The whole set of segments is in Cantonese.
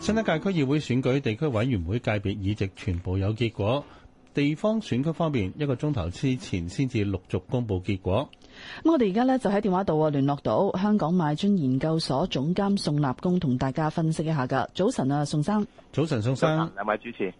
新一屆區議會選舉地區委員會界別議席全部有結果。地方選區方面，一個鐘頭之前先至陸續公布結果。咁我哋而家呢，就喺電話度聯絡到香港邁臻研究所總監宋立功，同大家分析一下㗎。早晨啊，宋生。早晨，宋生，宋生。兩位主持。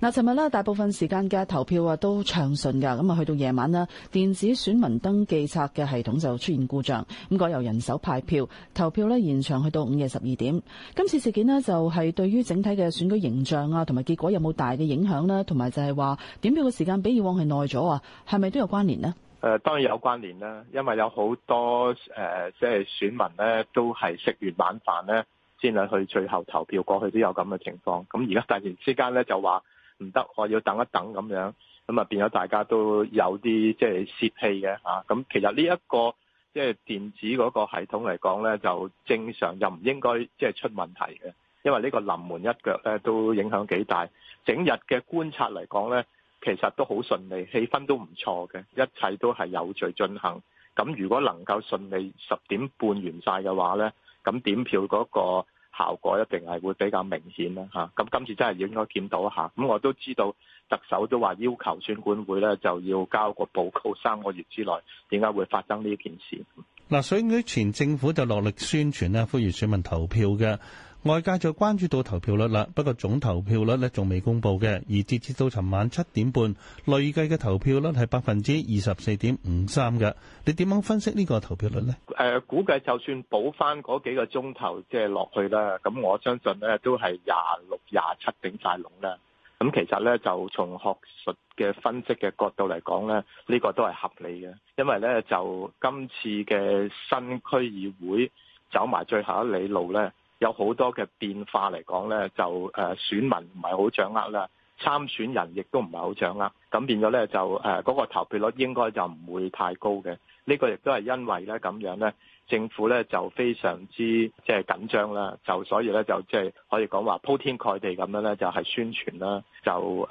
嗱、嗯，尋日咧大部分時間嘅投票啊都暢順㗎，咁啊去到夜晚啦，電子選民登記冊嘅系統就出現故障，咁改由人手派票。投票呢，延長去到午夜十二點。今次事件呢，就係、是、對於整體嘅選舉形象啊，同埋結果有冇大嘅影響呢？同埋就係話。點票嘅時間比以往係耐咗啊，係咪都有關聯呢？誒，當然有關聯啦，因為有好多誒，即、呃、係選民咧，都係食完晚飯咧，先去去最後投票。過去都有咁嘅情況，咁而家突然之間咧就話唔得，我要等一等咁樣，咁啊變咗大家都有啲即係洩氣嘅啊。咁其實呢、這、一個即係、就是、電子嗰個系統嚟講咧，就正常又唔應該即係出問題嘅。因為呢個臨門一腳咧，都影響幾大。整日嘅觀察嚟講呢，其實都好順利，氣氛都唔錯嘅，一切都係有序進行。咁如果能夠順利十點半完晒嘅話呢，咁點票嗰個效果一定係會比較明顯啦。嚇咁今次真係應該見到一下咁，我都知道特首都話要求選管會呢就要交個報告，三個月之內點解會發生呢件事？嗱、啊，所以前政府就落力宣傳啦，呼籲選民投票嘅。外界就關注到投票率啦，不過總投票率咧仲未公布嘅，而截至到尋晚七點半，累計嘅投票率係百分之二十四點五三嘅。你點樣分析呢個投票率呢？誒、呃，估計就算補翻嗰幾個鐘頭即係落去啦，咁我相信咧都係廿六、廿七頂晒籠啦。咁其實咧就從學術嘅分析嘅角度嚟講咧，呢、呢個都係合理嘅，因為咧就今次嘅新區議會走埋最後一里路咧。有好多嘅變化嚟講呢就誒選民唔係好掌握啦，參選人亦都唔係好掌握，咁變咗呢，就誒嗰個投票率應該就唔會太高嘅。呢個亦都係因為呢咁樣呢，政府呢就非常之即係緊張啦，就所以呢，就即係可以講話鋪天蓋地咁樣呢，就係宣傳啦，就誒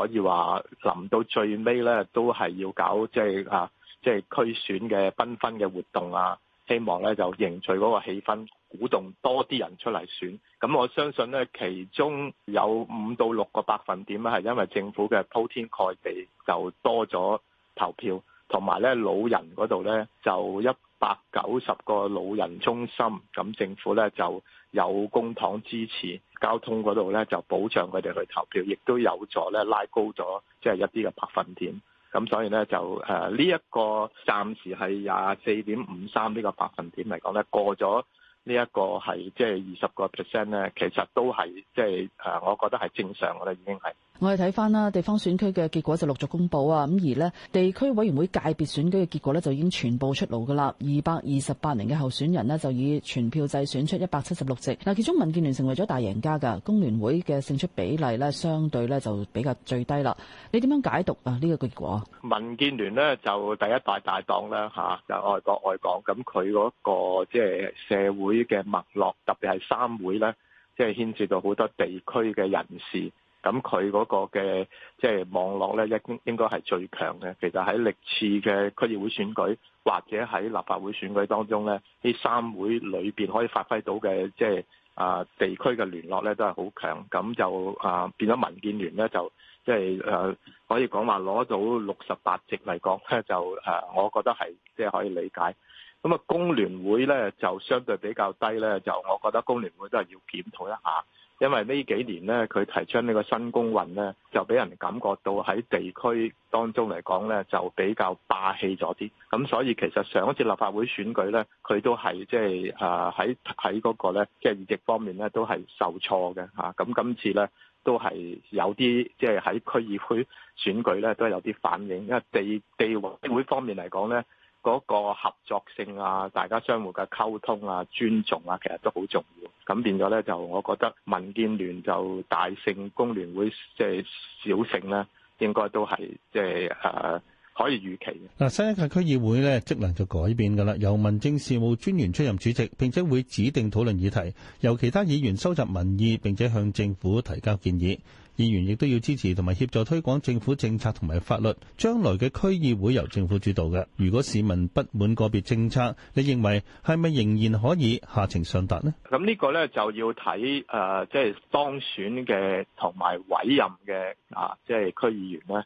可以話臨到最尾呢，都係要搞即係啊即係區選嘅繽紛嘅活動啊！希望咧就凝聚嗰個氣氛，鼓動多啲人出嚟選。咁我相信咧，其中有五到六個百分點咧，係因為政府嘅鋪天蓋地就多咗投票，同埋咧老人嗰度咧就一百九十個老人中心，咁政府咧就有公帑支持，交通嗰度咧就保障佢哋去投票，亦都有助咧拉高咗，即係一啲嘅百分點。咁所以咧就誒呢一個暫時係廿四點五三呢個百分點嚟講咧過咗、即係、呢一個係即係二十個 percent 咧，其實都係即係誒，我覺得係正常嘅啦，已經係。我哋睇翻啦，地方選區嘅結果就陸續公布啊，咁而呢地區委員會界別選舉嘅結果呢，就已經全部出爐噶啦，二百二十八名嘅候選人呢，就以全票制選出一百七十六席。嗱，其中民建聯成為咗大贏家㗎，工聯會嘅勝出比例呢，相對呢就比較最低啦。你點樣解讀啊呢個結果？民建聯呢，就第一大大黨啦，嚇就愛國愛港，咁佢嗰個即係社會嘅脈絡，特別係三會呢，即係牽涉到好多地區嘅人士。咁佢嗰個嘅即係網絡咧，一應應該係最強嘅。其實喺歷次嘅區議會選舉或者喺立法會選舉當中咧，呢三會裏邊可以發揮到嘅即係啊地區嘅聯絡咧，都係好強。咁就啊變咗民建聯咧，就即係誒可以講話攞到六十八席嚟講咧，就誒、啊、我覺得係即係可以理解。咁啊，工聯會咧就相對比較低咧，就我覺得工聯會都係要檢討一下，因為呢幾年咧佢提倡呢個新工運咧，就俾人感覺到喺地區當中嚟講咧就比較霸氣咗啲，咁所以其實上一次立法會選舉咧，佢都係即係啊喺喺嗰個咧即係議席方面咧都係受挫嘅嚇，咁今次咧都係有啲即係喺區議會選舉咧都係有啲反應，因為地地委會方面嚟講咧。嗰個合作性啊，大家相互嘅溝通啊、尊重啊，其實都好重要。咁變咗咧，就我覺得民建聯就大勝工聯會，即係小勝啦，應該都係即係誒可以預期嘅嗱。新一屆區議會咧，職能就改變噶啦，由民政事務專員出任主席，並且會指定討論議題，由其他議員收集民意，並且向政府提交建議。議員亦都要支持同埋協助推廣政府政策同埋法律。將來嘅區議會由政府主導嘅。如果市民不滿個別政策，你認為係咪仍然可以下情上達呢？咁呢個呢、呃，就要睇誒，即係當選嘅同埋委任嘅啊，即係區議員呢。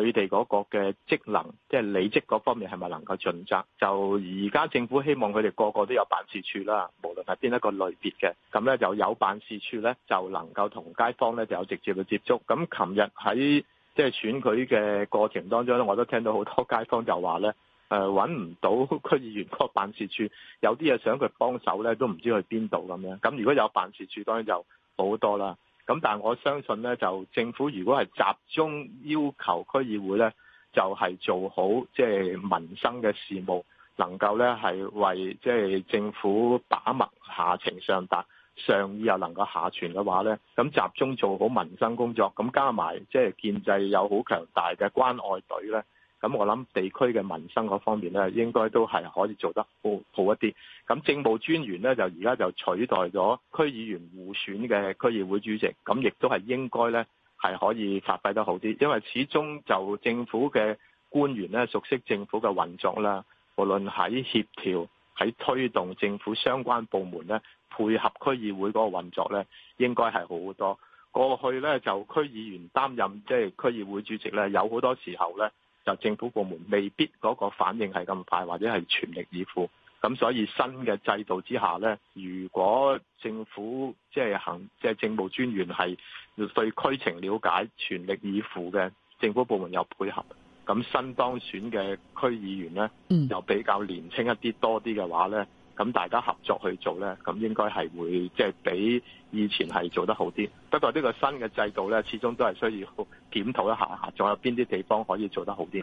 佢哋嗰個嘅職能，即係履職嗰方面，係咪能夠盡責？就而家政府希望佢哋個個都有辦事處啦，無論係邊一個類別嘅，咁呢就有辦事處呢，就能夠同街坊呢就有直接嘅接觸。咁琴日喺即係選舉嘅過程當中咧，我都聽到好多街坊就話呢：呃「誒揾唔到區議員個辦事處，有啲嘢想佢幫手呢，都唔知去邊度咁樣。咁如果有辦事處，當然就好多啦。咁但係我相信呢，就政府如果係集中要求區議會呢，就係、是、做好即係民生嘅事務，能夠呢，係為即係政府把脈下情上達上意又能夠下傳嘅話呢，呢咁集中做好民生工作，咁加埋即係建制有好強大嘅關愛隊呢。咁我諗地區嘅民生嗰方面咧，應該都係可以做得好好一啲。咁政務專員咧，就而家就取代咗區議員互選嘅區議會主席，咁亦都係應該咧係可以發揮得好啲。因為始終就政府嘅官員咧，熟悉政府嘅運作啦，無論喺協調、喺推動政府相關部門咧配合區議會嗰個運作咧，應該係好好多過去咧就區議員擔任即係區議會主席咧，有好多時候咧，就政府部門未必嗰個反應係咁快，或者係全力以赴。咁所以新嘅制度之下咧，如果政府即係、就是、行即係、就是、政務專員係對區情了解、全力以赴嘅政府部門又配合，咁新當選嘅區議員咧又比較年青一啲多啲嘅話咧。咁大家合作去做咧，咁應該係會即係、就是、比以前係做得好啲。不過呢個新嘅制度咧，始終都係需要檢討一下下，仲有邊啲地方可以做得好啲。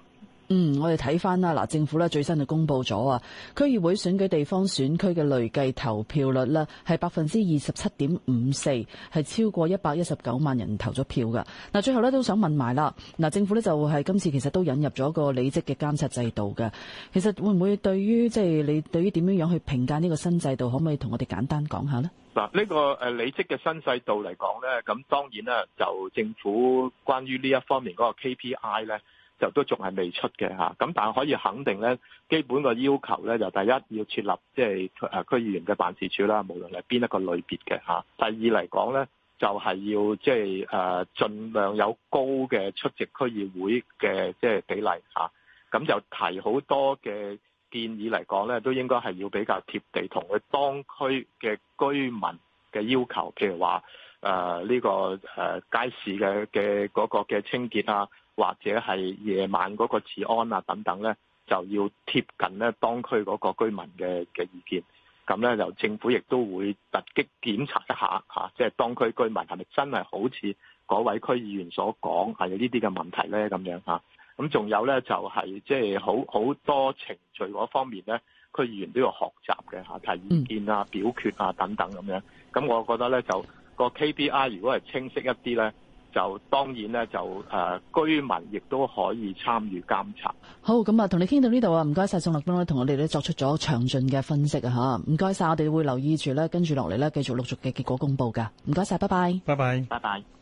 嗯，我哋睇翻啦，嗱，政府咧最新就公布咗啊，區議會選舉地方選區嘅累計投票率呢，係百分之二十七點五四，係超過一百一十九萬人投咗票噶。嗱，最後咧都想問埋啦，嗱，政府咧就係今次其實都引入咗個履職嘅監察制度嘅，其實會唔會對於即係你對於點樣樣去評價呢個新制度，可唔可以同我哋簡單講下呢？嗱，呢個誒履職嘅新制度嚟講咧，咁當然啦，就政府關於呢一方面嗰個 KPI 咧。就都仲係未出嘅嚇，咁、啊、但係可以肯定咧，基本個要求咧就第一要設立即係誒區議員嘅辦事處啦，無論係邊一個類別嘅嚇。第二嚟講咧，就係、是、要即係誒盡量有高嘅出席區議會嘅即係比例嚇。咁、啊、就提好多嘅建議嚟講咧，都應該係要比較貼地，同佢當區嘅居民嘅要求，譬如話誒呢個誒、啊、街市嘅嘅嗰個嘅清潔啊。或者係夜晚嗰個治安啊等等呢，就要貼近呢當區嗰個居民嘅嘅意見。咁呢，就政府亦都會突擊檢查一下嚇，即、啊、係、就是、當區居民係咪真係好似嗰位區議員所講係呢啲嘅問題呢？咁樣嚇。咁、啊、仲有呢，就係即係好好多程序嗰方面呢，區議員都要學習嘅嚇、啊，提意見啊、表決啊等等咁樣。咁、啊、我覺得呢，就個 KPI 如果係清晰一啲呢。就當然咧，就誒、呃、居民亦都可以參與監察。好，咁、嗯、啊，同你傾到呢度啊，唔該晒，宋立功咧，同我哋咧作出咗詳盡嘅分析啊嚇，唔該晒，我哋會留意住咧，跟住落嚟咧繼續陸續嘅結果公佈噶，唔該晒，拜拜，拜拜，拜拜。拜拜。